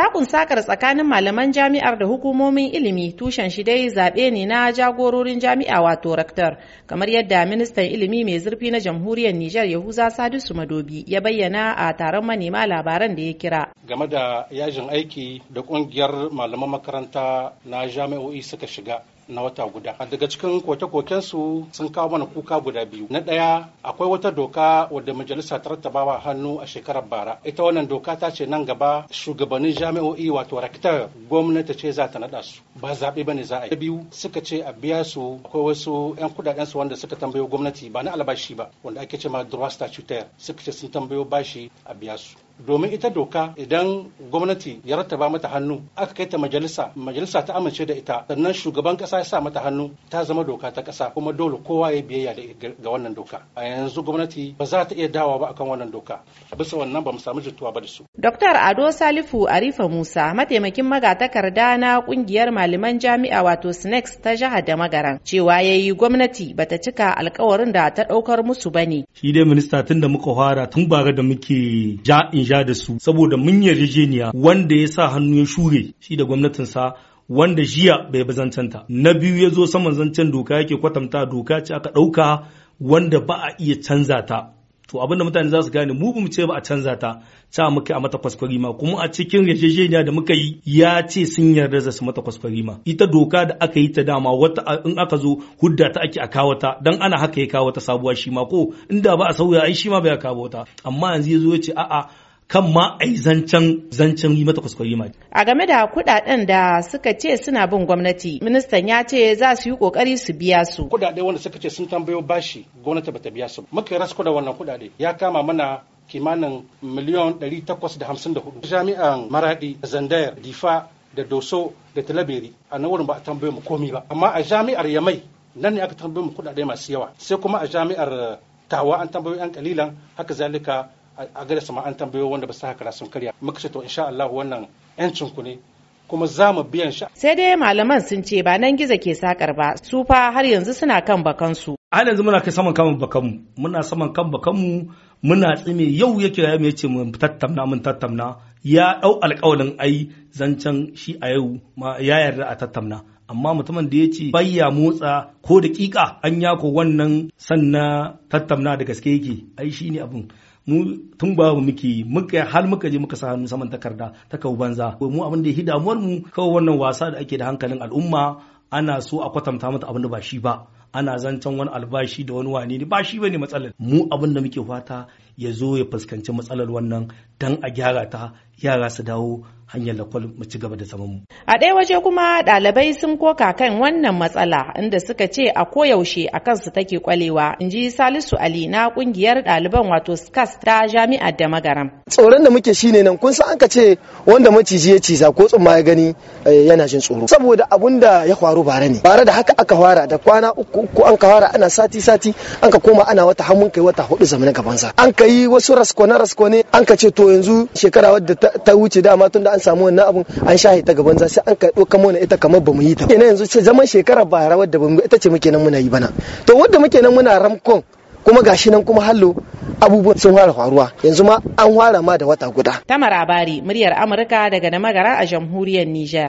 Takun sakar tsakanin malaman jami'ar da hukumomin ilimi tushen shi dai zaɓe ne na jagororin jami'a wato rektor, kamar yadda ministan ilimi mai zurfi na jamhuriyar Nijar Yahuza Sadisu Madobi ya bayyana a taron manema labaran da ya kira. Game da yajin aiki da ƙungiyar malaman makaranta na jami'o'i suka shiga na wata guda a daga cikin koke-koken su sun kawo mana kuka guda biyu na ɗaya akwai wata doka wadda majalisa ta rattabawa hannu a shekarar bara ita wannan doka ta ce nan gaba shugabannin jami'o'i wato rakitar gwamnati ce za ta naɗa su ba zaɓe ba ne za a yi. biyu suka ce a biya su akwai wasu 'yan kudaden su wanda suka tambayo gwamnati ba na albashi ba wanda ake ce ma droit statutaire suka ce sun tambayo bashi a biya su. domin ita doka idan gwamnati ya rattaba mata hannu aka kai ta majalisa majalisa ta amince da ita sannan shugaban kasa ya sa mata hannu ta zama doka ta kasa kuma dole kowa ya biyayya ga wannan doka a yanzu gwamnati ba za ta iya dawa ba akan wannan doka bisa wannan ba mu samu jituwa ba da su dr ado salifu arifa musa mataimakin magatakarda na kungiyar malamai daliman jami'a wato SNEX ta jihar da magaran cewa ya yi gwamnati bata cika alkawarin da ta ɗaukar musu ba ne. Shi dai minista tun da muka fara tun bara da muke ja in ja da su saboda mun yarjejeniya wanda ya sa hannu ya shure shi da gwamnatinsa wanda jiya bai ta na biyu ya zo saman zancen doka yake kwatanta doka ce aka ɗauka wanda ba a iya canza ta to abinda mutane za su gane mu bamu ce ba a canza ta ta muke a mata kwaskwari ma kuma a cikin yarjejeniya da muka yi ya ce sun yarda da su mata kwaskwari ma ita doka da aka yi ta dama wata in aka zo hudda ta ake a kawo ta dan ana haka ya kawo ta sabuwa shi ma ko inda ba a sauya ai shi ma bai kawo ta amma yanzu ya zo ya ce a'a kan ma a yi zancen zancen yi mata kuskure ma. A game da kuɗaɗen da suka ce suna bin gwamnati, ministan ya ce za su yi ƙoƙari su biya su. Kuɗaɗe wanda suka ce sun tambayo bashi gwamnati bata biya su. Muka rasa da wannan kuɗaɗe ya kama mana kimanin miliyon 854. Jami'an Maradi, Zandayar, Difa da Doso da Talabiri a nan wurin ba a tambaye mu komi ba. Amma a jami'ar Yamai nan ne aka tambaye mu kuɗaɗe masu yawa. Sai kuma a jami'ar Tawa an tambayo 'yan kalilan haka zalika a gare su an tambayo wanda ba su haka sun karya muka ce to insha Allah wannan yancin ku ne kuma za mu biyan shi sai dai malaman sun ce ba nan gizo ke sakar ba su fa har yanzu suna kan bakan su. har yanzu muna kai saman kan bakanmu muna saman kan bakanmu muna tsime yau yake ya ce mun tattauna mun tattauna, ya dau alƙawarin ai zancan shi a yau ma ya yarda a tattauna. amma mutumin da ya ce bayya motsa ko da kika an yako wannan sannan tattamna da gaske yake ai ne abin mu tun ba muke muka har muka je muka sa hannu saman takarda ta kawo banza mu abin da ya damuwar mu kawai wannan wasa da ake da hankalin al'umma ana so a kwatanta mata abin da ba shi ba ana zancen wani albashi da wani wane ne ba shi bane matsalar mu abin da muke fata ya zo ya fuskanci matsalar wannan don a gyara ta yara su dawo hanyar lakwal mu ci gaba da zaman mu. A ɗaya waje kuma ɗalibai sun koka kan wannan matsala inda suka ce a koyaushe a kansu take kwalewa in ji Salisu Ali na ƙungiyar ɗaliban wato SCAS ta jami'ar da magaram. Tsoron da muke shine nan kun san an ka ce wanda maciji ya ciza ko tsumma ya gani eh, yana jin tsoro. Saboda abun da ya faru bara ne. Bara da haka aka fara da kwana uku uku an ka fara ana sati sati an ka koma ana wata hamun kai wata hudu zamanin gabansa. An kai yi wasu raskwane raskwane an ka ce to yanzu shekara wadda ta wuce dama tun da an samu wannan abun an sha ta gaban sai an ka ɗauka mana ita kamar mu yi ta ina yanzu ce zaman shekara bara wadda bamu ita ce muke nan muna yi bana to wadda muke nan muna ramkon kuma gashi nan kuma hallo abubuwan sun fara faruwa yanzu ma an fara ma da wata guda. Tamara Bari muryar Amurka daga Namagara a jamhuriyar Nijar.